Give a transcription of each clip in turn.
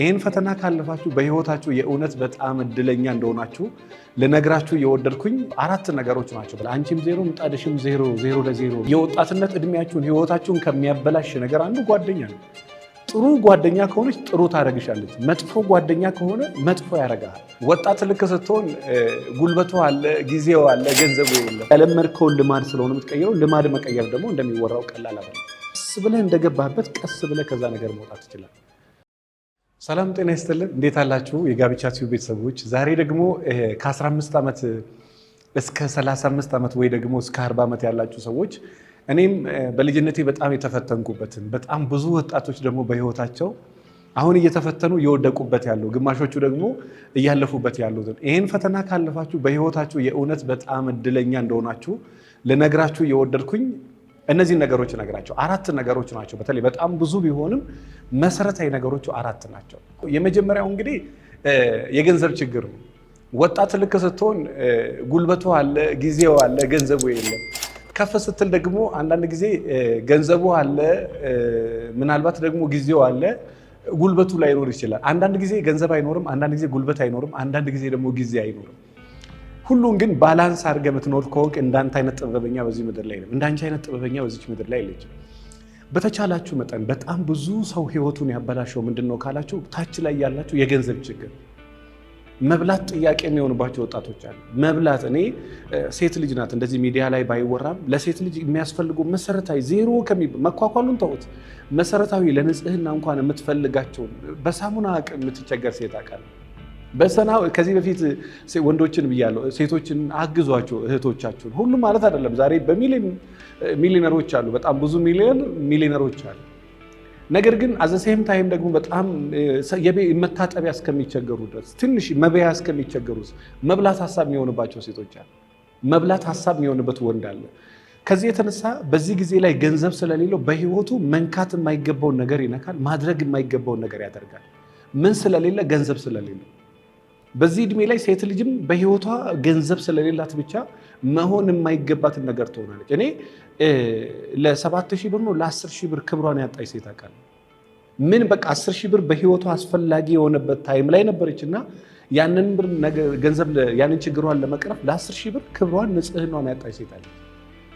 ይህን ፈተና ካለፋችሁ በህይወታችሁ የእውነት በጣም እድለኛ እንደሆናችሁ ልነግራችሁ የወደድኩኝ አራት ነገሮች ናቸው። አንቺም ዜሮ ምጣድሽም ዜሮ ዜሮ ለዜሮ። የወጣትነት እድሜያችሁን ህይወታችሁን ከሚያበላሽ ነገር አንዱ ጓደኛ ነው። ጥሩ ጓደኛ ከሆነች ጥሩ ታደረግሻለች። መጥፎ ጓደኛ ከሆነ መጥፎ ያደርግሃል። ወጣት ልክ ስትሆን ጉልበቱ አለ፣ ጊዜው አለ፣ ገንዘቡ የለም። ያለመድከውን ልማድ ስለሆነ የምትቀይረው ልማድ መቀየር ደግሞ እንደሚወራው ቀላል አለ። ቀስ ብለህ እንደገባህበት ቀስ ብለህ ከዛ ነገር መውጣት ትችላለህ። ሰላም ጤና ይስጥልን። እንዴት አላችሁ የጋብቻ ቲዩብ ቤተሰቦች? ዛሬ ደግሞ ከ15 ዓመት እስከ 35 ዓመት ወይ ደግሞ እስከ 40 ዓመት ያላችሁ ሰዎች እኔም በልጅነቴ በጣም የተፈተንኩበትን በጣም ብዙ ወጣቶች ደግሞ በህይወታቸው አሁን እየተፈተኑ እየወደቁበት ያለው ግማሾቹ ደግሞ እያለፉበት ያሉትን ይህን ፈተና ካለፋችሁ በህይወታችሁ የእውነት በጣም እድለኛ እንደሆናችሁ ልነግራችሁ እየወደድኩኝ እነዚህን ነገሮች ነገራቸው አራት ነገሮች ናቸው። በተለይ በጣም ብዙ ቢሆንም መሰረታዊ ነገሮቹ አራት ናቸው። የመጀመሪያው እንግዲህ የገንዘብ ችግር ነው። ወጣት ልክ ስትሆን ጉልበቱ አለ፣ ጊዜው አለ፣ ገንዘቡ የለም። ከፍ ስትል ደግሞ አንዳንድ ጊዜ ገንዘቡ አለ፣ ምናልባት ደግሞ ጊዜው አለ፣ ጉልበቱ ላይኖር ይችላል። አንዳንድ ጊዜ ገንዘብ አይኖርም፣ አንዳንድ ጊዜ ጉልበት አይኖርም፣ አንዳንድ ጊዜ ደግሞ ጊዜ አይኖርም። ሁሉን ግን ባላንስ አድርገ የምትኖር ከሆንክ እንዳንተ አይነት ጥበበኛ በዚህ ምድር ላይ ነው። እንዳንቺ አይነት ጥበበኛ በዚች ምድር ላይ የለችም። በተቻላችሁ መጠን በጣም ብዙ ሰው ህይወቱን ያበላሸው ምንድን ነው ካላችሁ፣ ታች ላይ ያላችሁ የገንዘብ ችግር መብላት ጥያቄ የሚሆንባቸው ወጣቶች አሉ። መብላት እኔ ሴት ልጅ ናት እንደዚህ ሚዲያ ላይ ባይወራም ለሴት ልጅ የሚያስፈልጉ መሰረታዊ ዜሮ መኳኳሉን ተውት፣ መሰረታዊ ለንጽህና እንኳን የምትፈልጋቸውን በሳሙና አቅም የምትቸገር ሴት አውቃለሁ። በሰና ከዚህ በፊት ወንዶችን ብያለሁ፣ ሴቶችን አግዟቸው እህቶቻችሁን። ሁሉም ማለት አይደለም። ዛሬ በሚሊዮን ሚሊዮነሮች አሉ፣ በጣም ብዙ ሚሊዮን ሚሊዮነሮች አሉ። ነገር ግን አዘሴም ታይም ደግሞ በጣም የመታጠቢያ እስከሚቸገሩ ድረስ ትንሽ መበያ እስከሚቸገሩ መብላት ሀሳብ የሚሆንባቸው ሴቶች አሉ። መብላት ሀሳብ የሚሆንበት ወንድ አለ። ከዚህ የተነሳ በዚህ ጊዜ ላይ ገንዘብ ስለሌለው በህይወቱ መንካት የማይገባውን ነገር ይነካል፣ ማድረግ የማይገባውን ነገር ያደርጋል። ምን ስለሌለ? ገንዘብ ስለሌለው በዚህ እድሜ ላይ ሴት ልጅም በህይወቷ ገንዘብ ስለሌላት ብቻ መሆን የማይገባትን ነገር ትሆናለች። እኔ ለሰባት ሺህ ብር ነው ለአስር ሺህ ብር ክብሯን ያጣች ሴት አውቃለሁ። ምን በቃ አስር ሺህ ብር በህይወቷ አስፈላጊ የሆነበት ታይም ላይ ነበረች እና ያንን ብር ገንዘብ ያንን ችግሯን ለመቅረፍ ለአስር ሺህ ብር ክብሯን፣ ንጽህናዋን ያጣች ሴት አለች።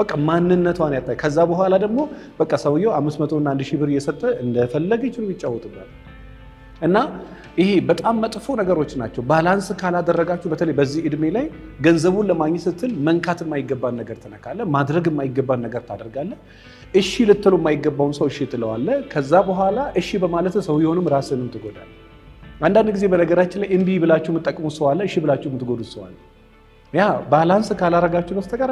በቃ ማንነቷን ያጣች ከዛ በኋላ ደግሞ በቃ ሰውየው አምስት መቶና አንድ ሺህ ብር እየሰጠ እንደፈለገች ነው ይጫወትባል። እና ይሄ በጣም መጥፎ ነገሮች ናቸው። ባላንስ ካላደረጋችሁ በተለይ በዚህ እድሜ ላይ ገንዘቡን ለማግኘት ስትል መንካት የማይገባን ነገር ትነካለ ማድረግ የማይገባን ነገር ታደርጋለ እሺ ልትሉ የማይገባውን ሰው እሺ ትለዋለ ከዛ በኋላ እሺ በማለት ሰው የሆንም ራስንም ትጎዳል። አንዳንድ ጊዜ በነገራችን ላይ እምቢ ብላችሁ የምትጠቅሙት ሰው አለ፣ እሺ ብላችሁ የምትጎዱት ሰው አለ። ያ ባላንስ ካላረጋችሁ በስተቀር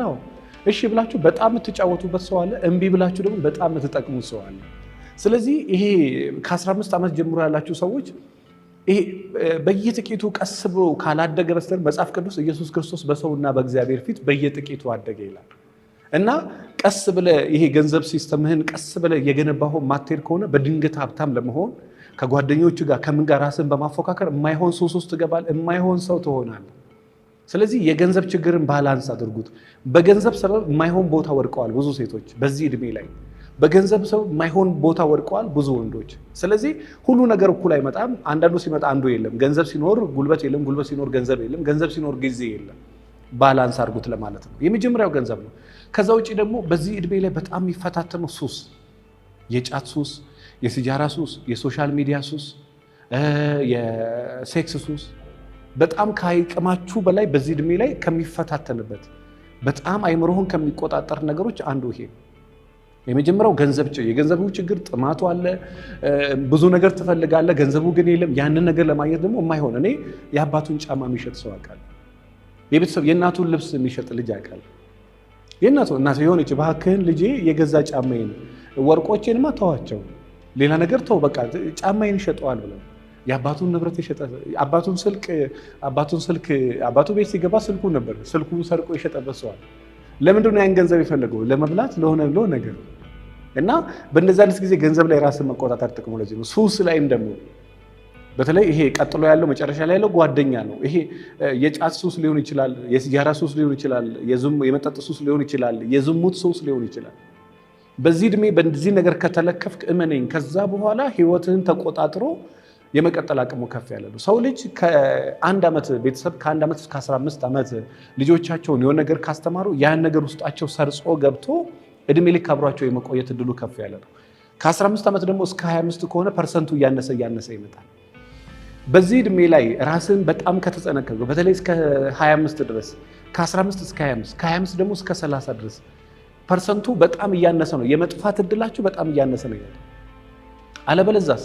እሺ ብላችሁ በጣም የምትጫወቱበት ሰው አለ፣ እምቢ ብላችሁ ደግሞ በጣም የምትጠቅሙት ሰው አለ። ስለዚህ ይሄ ከ15 ዓመት ጀምሮ ያላችሁ ሰዎች ይሄ በየጥቂቱ ቀስ ብሎ ካላደገ በስተቀር መጽሐፍ ቅዱስ ኢየሱስ ክርስቶስ በሰውና በእግዚአብሔር ፊት በየጥቂቱ አደገ ይላል እና ቀስ ብለ ይሄ ገንዘብ ሲስተምህን ቀስ ብለ የገነባኸው ማቴር ከሆነ በድንገት ሀብታም ለመሆን ከጓደኞቹ ጋር ከምን ጋር ራስን በማፎካከር የማይሆን ሱስ ውስጥ ትገባለህ፣ የማይሆን ሰው ትሆናል ስለዚህ የገንዘብ ችግርን ባላንስ አድርጉት። በገንዘብ ሰበብ የማይሆን ቦታ ወድቀዋል ብዙ ሴቶች በዚህ እድሜ ላይ በገንዘብ ሰው የማይሆን ቦታ ወድቀዋል ብዙ ወንዶች። ስለዚህ ሁሉ ነገር እኩል አይመጣም። አንዳንዱ ሲመጣ አንዱ የለም። ገንዘብ ሲኖር ጉልበት የለም፣ ጉልበት ሲኖር ገንዘብ የለም፣ ገንዘብ ሲኖር ጊዜ የለም። ባላንስ አድርጉት ለማለት ነው። የመጀመሪያው ገንዘብ ነው። ከዛ ውጭ ደግሞ በዚህ እድሜ ላይ በጣም የሚፈታተነው ሱስ፣ የጫት ሱስ፣ የሲጃራ ሱስ፣ የሶሻል ሚዲያ ሱስ፣ የሴክስ ሱስ በጣም ከአቅማችሁ በላይ በዚህ እድሜ ላይ ከሚፈታተንበት በጣም አይምሮህን ከሚቆጣጠር ነገሮች አንዱ ይሄ የመጀመሪያው ገንዘብ የገንዘቡ ችግር ጥማቱ አለ። ብዙ ነገር ትፈልጋለ፣ ገንዘቡ ግን የለም። ያንን ነገር ለማግኘት ደግሞ የማይሆን እኔ የአባቱን ጫማ የሚሸጥ ሰው አውቃለሁ። የቤተሰብ የእናቱን ልብስ የሚሸጥ ልጅ አውቃለሁ። የእናቱ እናት የሆነች እባክህን ልጄ የገዛ ጫማዬን ወርቆቼንማ ተዋቸው፣ ሌላ ነገር ተው፣ በቃ ጫማዬን ይሸጠዋል ብለው የአባቱን ንብረት የሸጠ አባቱን ስልክ አባቱን ስልክ አባቱ ቤት ሲገባ ስልኩ ነበር፣ ስልኩ ሰርቆ የሸጠበት ሰዋል። ለምንድን ነው ያን ገንዘብ የፈለገው? ለመብላት ለሆነ ብሎ ነገር እና በእነዚህ አይነት ጊዜ ገንዘብ ላይ ራስን መቆጣጠር ጥቅሙ ለዚህ ነው። ሱስ ላይም ደግሞ በተለይ ይሄ ቀጥሎ ያለው መጨረሻ ላይ ያለው ጓደኛ ነው። ይሄ የጫት ሱስ ሊሆን ይችላል፣ የሲጋራ ሱስ ሊሆን ይችላል፣ የመጠጥ ሱስ ሊሆን ይችላል፣ የዝሙት ሱስ ሊሆን ይችላል። በዚህ እድሜ በዚህ ነገር ከተለከፍክ እመነኝ፣ ከዛ በኋላ ህይወትህን ተቆጣጥሮ የመቀጠል አቅሙ ከፍ ያለ ነው። ሰው ልጅ ከአንድ ዓመት ቤተሰብ ከአንድ ዓመት እስከ 15 ዓመት ልጆቻቸውን የሆነ ነገር ካስተማሩ ያን ነገር ውስጣቸው ሰርጾ ገብቶ እድሜ ልክ አብሯቸው የመቆየት እድሉ ከፍ ያለ ነው። ከ15 ዓመት ደግሞ እስከ 25 ከሆነ ፐርሰንቱ እያነሰ እያነሰ ይመጣል። በዚህ እድሜ ላይ ራስን በጣም ከተጸነከ በተለይ እስከ 25 ድረስ ከ15 እስከ 25 ከ25 ደግሞ እስከ 30 ድረስ ፐርሰንቱ በጣም እያነሰ ነው። የመጥፋት እድላችሁ በጣም እያነሰ ነው ይመጣል። አለበለዛስ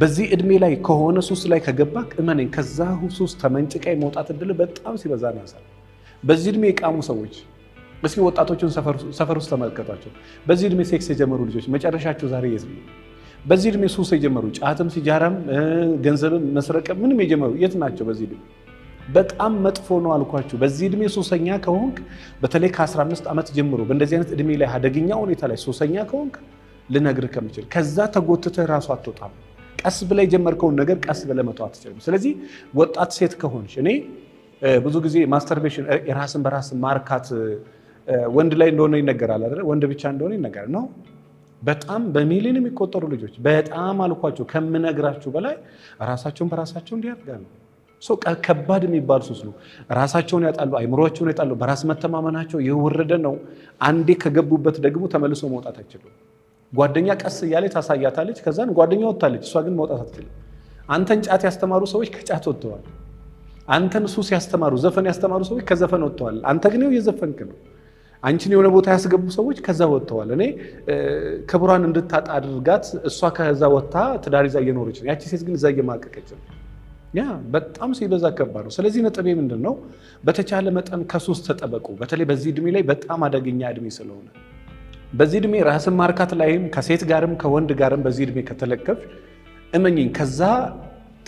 በዚህ እድሜ ላይ ከሆነ ሱስ ላይ ከገባ እመነኝ ከዛ ሱስ ተመንጭቃ የመውጣት እድል በጣም ሲበዛ ነው ያሳል። በዚህ እድሜ የቃሙ ሰዎች እስኪ ወጣቶቹን ሰፈር ውስጥ ተመልከቷቸው። በዚህ እድሜ ሴክስ የጀመሩ ልጆች መጨረሻቸው ዛሬ የት ነው? በዚህ እድሜ ሱስ የጀመሩ ጫትም፣ ሲጃራም፣ ገንዘብም፣ መስረቅም ምንም የጀመሩ የት ናቸው? በዚህ እድሜ በጣም መጥፎ ነው አልኳችሁ። በዚህ እድሜ ሱሰኛ ከሆንክ በተለይ ከ15 ዓመት ጀምሮ በእንደዚህ አይነት እድሜ ላይ አደገኛ ሁኔታ ላይ ሱሰኛ ከሆንክ ልነግርህ ከምችል ከዛ ተጎትተህ ራሱ አትወጣም። ቀስ ብለህ የጀመርከውን ነገር ቀስ ብለህ መተው አትችልም። ስለዚህ ወጣት ሴት ከሆንሽ እኔ ብዙ ጊዜ ማስተርቤሽን የራስን በራስ ማርካት ወንድ ላይ እንደሆነ ይነገራል አይደል? ወንድ ብቻ እንደሆነ ይነገራል ነው። በጣም በሚሊዮን የሚቆጠሩ ልጆች በጣም አልኳቸው ከምነግራችሁ በላይ ራሳቸውን በራሳቸው እንዲያደርጋሉ። ከባድ የሚባል ሱስ ነው። ራሳቸውን ያጣሉ፣ አይምሮቸውን ያጣሉ። በራስ መተማመናቸው የወረደ ነው። አንዴ ከገቡበት ደግሞ ተመልሶ መውጣት አይችሉም። ጓደኛ ቀስ እያለ ታሳያታለች። ከዛን ጓደኛ ወጥታለች፣ እሷ ግን መውጣት አትችልም። አንተን ጫት ያስተማሩ ሰዎች ከጫት ወጥተዋል። አንተን ሱስ ያስተማሩ ዘፈን ያስተማሩ ሰዎች ከዘፈን ወጥተዋል። አንተ ግን የዘፈንክ ነው አንቺን የሆነ ቦታ ያስገቡ ሰዎች ከዛ ወጥተዋል። እኔ ክብሯን እንድታጣ አድርጋት፣ እሷ ከዛ ወጥታ ትዳር ይዛ እየኖረች ነው። ያቺ ሴት ግን እዛ እየማቀቀች ነው። ያ በጣም ሲበዛ ከባድ ነው። ስለዚህ ነጥቤ ምንድን ነው? በተቻለ መጠን ከሱስ ተጠበቁ። በተለይ በዚህ እድሜ ላይ በጣም አደገኛ እድሜ ስለሆነ በዚህ እድሜ ራስን ማርካት ላይም ከሴት ጋርም ከወንድ ጋርም በዚህ እድሜ ከተለከፍ እመኝኝ ከዛ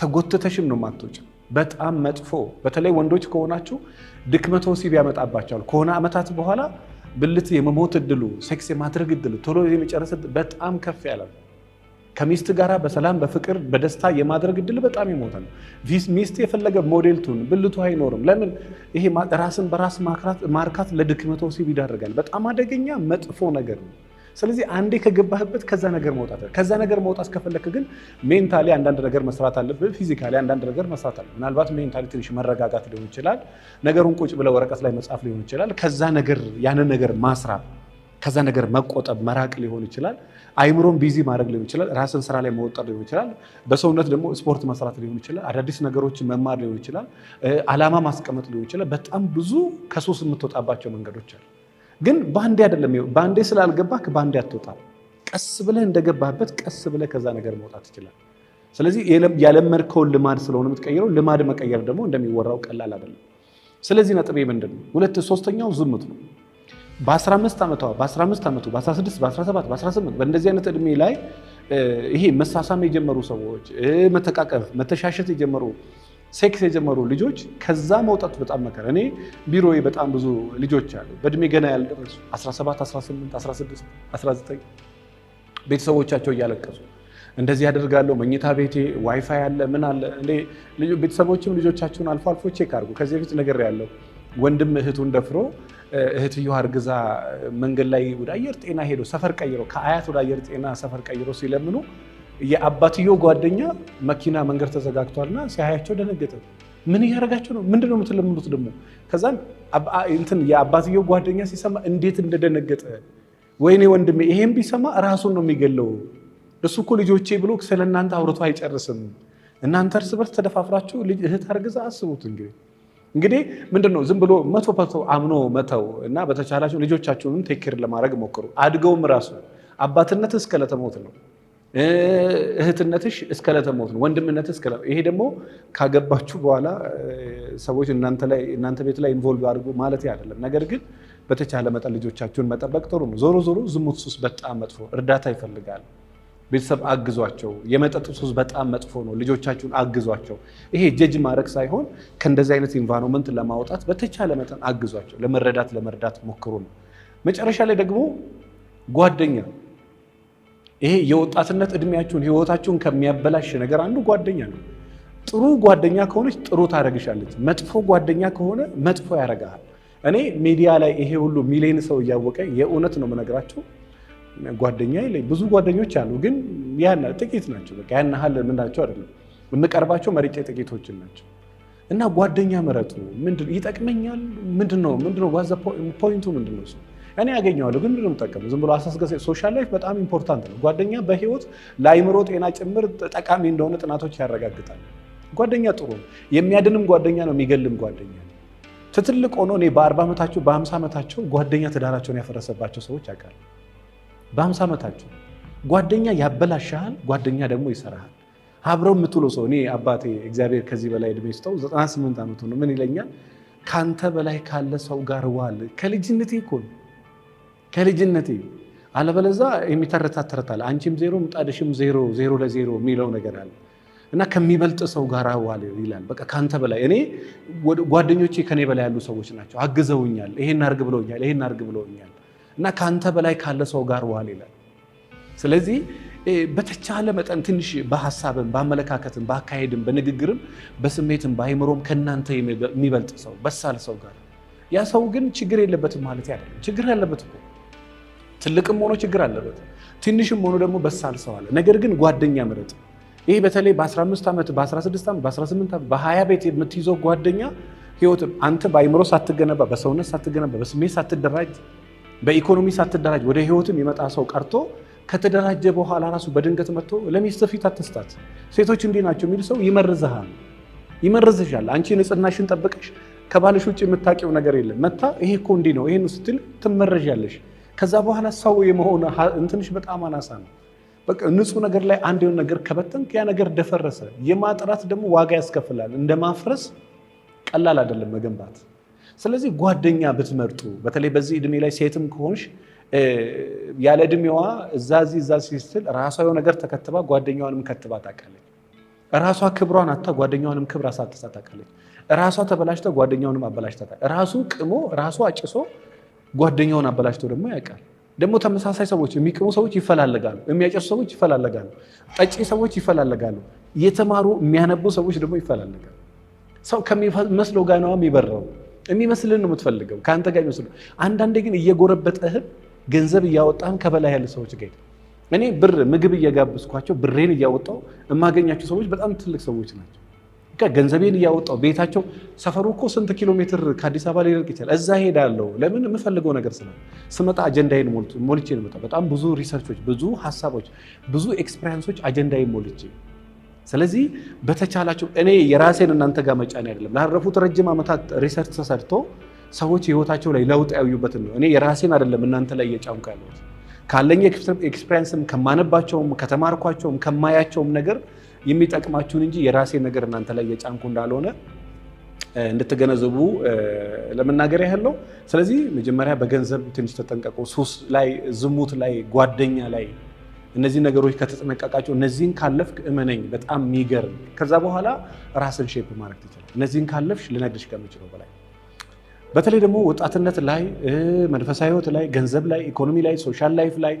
ተጎትተሽም ነው ማትወጪ በጣም መጥፎ በተለይ ወንዶች ከሆናችሁ ድክመት ወሲብ ያመጣባቸዋል። ከሆነ ዓመታት በኋላ ብልት የመሞት እድሉ፣ ሴክስ የማድረግ እድሉ፣ ቶሎ የመጨረስ በጣም ከፍ ያለ ከሚስት ጋር በሰላም በፍቅር በደስታ የማድረግ እድል በጣም ነው። ሚስት የፈለገ ሞዴልቱን ብልቱ አይኖርም። ለምን ይሄ ራስን በራስ ማርካት ለድክመት ወሲብ ይዳርጋል። በጣም አደገኛ መጥፎ ነገር ነው። ስለዚህ አንዴ ከገባህበት ከዛ ነገር መውጣት ከዛ ነገር መውጣት ከፈለክ ግን ሜንታሊ አንዳንድ ነገር መስራት አለብህ። ፊዚካሊ አንዳንድ ነገር መስራት አለብህ። ምናልባት ሜንታሊ ትንሽ መረጋጋት ሊሆን ይችላል። ነገሩን ቁጭ ብለህ ወረቀት ላይ መጻፍ ሊሆን ይችላል። ከዛ ነገር ያንን ነገር ማስራብ፣ ከዛ ነገር መቆጠብ፣ መራቅ ሊሆን ይችላል። አይምሮን ቢዚ ማድረግ ሊሆን ይችላል። ራስን ስራ ላይ መወጠር ሊሆን ይችላል። በሰውነት ደግሞ ስፖርት መስራት ሊሆን ይችላል። አዳዲስ ነገሮችን መማር ሊሆን ይችላል። አላማ ማስቀመጥ ሊሆን ይችላል። በጣም ብዙ ከሶስት የምትወጣባቸው መንገዶች አሉ። ግን በአንዴ አይደለም። በአንዴ ስላልገባህ በአንዴ አትወጣም። ቀስ ብለህ እንደገባህበት ቀስ ብለህ ከዛ ነገር መውጣት ይችላል። ስለዚህ ያለመድከውን ልማድ ስለሆነ የምትቀይረው ልማድ መቀየር ደግሞ እንደሚወራው ቀላል አይደለም። ስለዚህ ነጥቤ ምንድን ነው? ሁለት ሶስተኛው ዝምት ነው። በ15 ዓመቷ በ15 ዓመቱ በ16 በ17 በ18 በእንደዚህ አይነት እድሜ ላይ ይሄ መሳሳም የጀመሩ ሰዎች መተቃቀፍ፣ መተሻሸት የጀመሩ ሴክስ የጀመሩ ልጆች ከዛ መውጣት በጣም መከራ። እኔ ቢሮ በጣም ብዙ ልጆች አሉ፣ በእድሜ ገና ያልደረሱ 17፣ 18፣ 16፣ 19 ቤተሰቦቻቸው እያለቀሱ እንደዚህ ያደርጋለሁ። መኝታ ቤቴ ዋይፋይ አለ ምን አለ። ቤተሰቦችም ልጆቻቸውን አልፎ አልፎ ቼክ አድርጉ። ከዚህ በፊት ነገር ያለው ወንድም እህቱን ደፍሮ እህትዮ አርግዛ መንገድ ላይ ወደ አየር ጤና ሄዶ ሰፈር ቀይሮ ከአያት ወደ አየር ጤና ሰፈር ቀይሮ ሲለምኑ የአባትዮ ጓደኛ መኪና መንገድ ተዘጋግቷልና ሲያያቸው ደነገጠ። ምን እያደረጋቸው ነው? ምንድን ነው የምትለምኑት? ደግሞ ከዛን እንትን የአባትዮ ጓደኛ ሲሰማ እንዴት እንደደነገጠ ወይኔ ወንድሜ፣ ይሄን ቢሰማ ራሱን ነው የሚገለው። እሱ እኮ ልጆቼ ብሎ ስለ እናንተ አውርቶ አይጨርስም። እናንተ እርስ በርስ ተደፋፍራችሁ እህት አርግዛ አስቡት። እንግዲህ እንግዲህ ምንድን ነው ዝም ብሎ መቶ መቶ አምኖ መተው እና በተቻላቸው ልጆቻችሁንም ቴክር ለማድረግ ሞክሩ። አድገውም ራሱ አባትነት እስከ ዕለተ ሞት ነው። እህትነትሽ እስከ ዕለተ ሞት ነው። ወንድምነት እስከ ይሄ ደግሞ ካገባችሁ በኋላ ሰዎች እናንተ ቤት ላይ ኢንቮልቭ አድርጉ ማለት አይደለም። ነገር ግን በተቻለ መጠን ልጆቻችሁን መጠበቅ ጥሩ ነው። ዞሮ ዞሮ ዝሙት ሱስ በጣም መጥፎ፣ እርዳታ ይፈልጋል። ቤተሰብ አግዟቸው። የመጠጥ ሱስ በጣም መጥፎ ነው። ልጆቻችሁን አግዟቸው። ይሄ ጀጅ ማድረግ ሳይሆን ከእንደዚህ አይነት ኢንቫይሮንመንት ለማውጣት በተቻለ መጠን አግዟቸው። ለመረዳት ለመርዳት ሞክሩ ነው። መጨረሻ ላይ ደግሞ ጓደኛ ይሄ የወጣትነት እድሜያችሁን ህይወታችሁን ከሚያበላሽ ነገር አንዱ ጓደኛ ነው። ጥሩ ጓደኛ ከሆነች ጥሩ ታደረግሻለች። መጥፎ ጓደኛ ከሆነ መጥፎ ያደርግሃል። እኔ ሚዲያ ላይ ይሄ ሁሉ ሚሊዮን ሰው እያወቀ የእውነት ነው የምነግራችሁ ጓደኛ ላይ ብዙ ጓደኞች አሉ፣ ግን ያን ጥቂት ናቸው። በቃ ያን ምናቸው አይደለም የምቀርባቸው መርጬ ጥቂቶችን ናቸው። እና ጓደኛ ምረጡ። ይጠቅመኛል፣ ምንድን ነው ምንድን ነው ፖይንቱ ምንድን ነው? እኔ ያገኘዋለሁ ግን ምንም ጠቅም ዝም ብሎ አሳስገሰ ሶሻል ላይፍ በጣም ኢምፖርታንት ነው። ጓደኛ በህይወት ለአይምሮ ጤና ጭምር ጠቃሚ እንደሆነ ጥናቶች ያረጋግጣል። ጓደኛ ጥሩ ነው። የሚያድንም ጓደኛ ነው፣ የሚገልም ጓደኛ ነው። ትትልቅ ሆኖ እኔ በ በአርባ ዓመታቸው በ50 ዓመታቸው ጓደኛ ትዳራቸውን ያፈረሰባቸው ሰዎች ያውቃል። በ50 ዓመታቸው ጓደኛ ያበላሻል፣ ጓደኛ ደግሞ ይሰራሃል። አብረው የምትውሉ ሰው እኔ አባቴ እግዚአብሔር ከዚህ በላይ እድሜ ስጠው 98 ዓመቱ ነው። ምን ይለኛል? ከአንተ በላይ ካለ ሰው ጋር ዋል። ከልጅነቴ እኮ ነው ከልጅነት አለበለዛ የሚተረታተረታል አንቺም ዜሮ ምጣድሽም ዜሮ ዜሮ ለዜሮ የሚለው ነገር አለ እና ከሚበልጥ ሰው ጋር ዋል ይላል። በቃ ከአንተ በላይ እኔ ጓደኞቼ ከኔ በላይ ያሉ ሰዎች ናቸው። አግዘውኛል፣ ይሄን አርግ ብለውኛል፣ ይሄን አርግ ብለውኛል። እና ከአንተ በላይ ካለ ሰው ጋር ዋል ይላል። ስለዚህ በተቻለ መጠን ትንሽ በሀሳብም በአመለካከትም በአካሄድም በንግግርም በስሜትም በአይምሮም ከእናንተ የሚበልጥ ሰው በሳል ሰው ጋር ያ ሰው ግን ችግር የለበትም ማለት አይደለም። ችግር ያለበት እኮ ትልቅም ሆኖ ችግር አለበት፣ ትንሽም ሆኖ ደግሞ በሳል ሰው አለ። ነገር ግን ጓደኛ ምረጥ። ይሄ በተለይ በ15 ዓመት፣ በ16 ዓመት፣ በ18 ዓመት፣ በ20 ቤት የምትይዘው ጓደኛ ህይወት አንተ በአይምሮ ሳትገነባ፣ በሰውነት ሳትገነባ፣ በስሜት ሳትደራጅ፣ በኢኮኖሚ ሳትደራጅ ወደ ህይወትም የመጣ ሰው ቀርቶ ከተደራጀ በኋላ ራሱ በድንገት መጥቶ ለሚስት ፊት አትስጣት፣ ሴቶች እንዲህ ናቸው የሚል ሰው ይመርዝሃል፣ ይመርዝሻል። አንቺ ንጽህናሽን ጠብቀሽ ከባልሽ ውጭ የምታውቂው ነገር የለም። መታ ይሄ እኮ እንዲህ ነው ይሄን ስትል ትመረዣለሽ። ከዛ በኋላ ሰው የመሆን እንትንሽ በጣም አናሳ ነው። በቃ ንጹህ ነገር ላይ አንድ የሆነ ነገር ከበተንክ ያ ነገር ደፈረሰ። የማጥራት ደግሞ ዋጋ ያስከፍላል። እንደ ማፍረስ ቀላል አይደለም መገንባት። ስለዚህ ጓደኛ ብትመርጡ፣ በተለይ በዚህ እድሜ ላይ ሴትም ከሆንሽ ያለ እድሜዋ እዛ እዚህ እዛ ሲስትል ራሷ የሆነ ነገር ተከትባ ጓደኛዋንም ከትባ ታውቃለች። ራሷ ክብሯን አታ ጓደኛዋንም ክብር አሳጥታ ታውቃለች። ራሷ ተበላሽተ ጓደኛውንም አበላሽታ ራሱ ቅሞ ራሱ አጭሶ ጓደኛውን አበላሽተው ደግሞ ያውቃል። ደግሞ ተመሳሳይ ሰዎች የሚቅሙ ሰዎች ይፈላለጋሉ፣ የሚያጨሱ ሰዎች ይፈላለጋሉ፣ ጠጪ ሰዎች ይፈላለጋሉ፣ የተማሩ የሚያነቡ ሰዎች ደግሞ ይፈላለጋሉ። ሰው ከሚመስለው ጋር ነው የሚበረው። የሚመስልን ነው የምትፈልገው፣ ከአንተ ጋር የሚመስለው። አንዳንዴ ግን እየጎረበጠህም ገንዘብ እያወጣህም ከበላይ ያለ ሰዎች ጋር እኔ ብር ምግብ እየጋብዝኳቸው ብሬን እያወጣው የማገኛቸው ሰዎች በጣም ትልቅ ሰዎች ናቸው። ገንዘቤን እያወጣው ቤታቸው ሰፈሩ እኮ ስንት ኪሎ ሜትር ከአዲስ አበባ ሊርቅ ይችላል። እዛ ሄዳለው ለምን የምፈልገው ነገር ስለ ስመጣ አጀንዳይን ሞልቼ ነው መጣ። በጣም ብዙ ሪሰርቾች፣ ብዙ ሀሳቦች፣ ብዙ ኤክስፔሪንሶች አጀንዳይን ሞልቼ ስለዚህ በተቻላቸው እኔ የራሴን እናንተ ጋር መጫን አይደለም። ላረፉት ረጅም ዓመታት ሪሰርች ተሰርቶ ሰዎች ህይወታቸው ላይ ለውጥ ያዩበትን ነው። እኔ የራሴን አይደለም እናንተ ላይ እየጫንኩ ያለሁት ካለኝ ኤክስፔሪንስም ከማነባቸውም ከተማርኳቸውም ከማያቸውም ነገር የሚጠቅማችሁን እንጂ የራሴ ነገር እናንተ ላይ የጫንኩ እንዳልሆነ እንድትገነዘቡ ለመናገር ያህል ነው። ስለዚህ መጀመሪያ በገንዘብ ትንሽ ተጠንቀቁ። ሱስ ላይ፣ ዝሙት ላይ፣ ጓደኛ ላይ እነዚህ ነገሮች ከተጠነቀቃቸው እነዚህን ካለፍክ እመነኝ በጣም የሚገርም ከዛ በኋላ ራስን ሼፕ ማድረግ ትችላለህ። እነዚህን ካለፍሽ ልነግርሽ ከምችለው በላይ በተለይ ደግሞ ወጣትነት ላይ መንፈሳዊ ህይወት ላይ ገንዘብ ላይ ኢኮኖሚ ላይ ሶሻል ላይፍ ላይ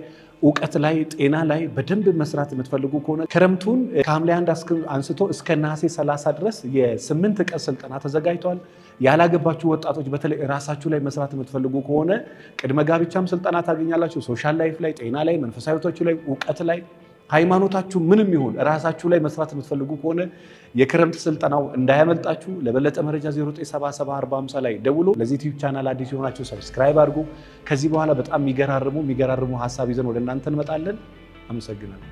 እውቀት ላይ ጤና ላይ በደንብ መስራት የምትፈልጉ ከሆነ ክረምቱን ከሐምሌ አንድ አንስቶ እስከ ነሐሴ 30 ድረስ የስምንት ቀን ስልጠና ተዘጋጅቷል። ያላገባችሁ ወጣቶች በተለይ ራሳችሁ ላይ መስራት የምትፈልጉ ከሆነ ቅድመ ጋብቻም ስልጠና ታገኛላችሁ። ሶሻል ላይፍ ላይ፣ ጤና ላይ፣ መንፈሳዊቶቹ ላይ፣ እውቀት ላይ ሃይማኖታችሁ ምንም ይሁን ራሳችሁ ላይ መስራት የምትፈልጉ ከሆነ የክረምት ስልጠናው እንዳያመልጣችሁ። ለበለጠ መረጃ 097745 ላይ ደውሎ ለዚህ ዩቲዩብ ቻናል አዲስ የሆናችሁ ሰብስክራይብ አድርጉ። ከዚህ በኋላ በጣም የሚገራርሙ የሚገራርሙ ሀሳብ ይዘን ወደ እናንተ እንመጣለን። አመሰግናለሁ።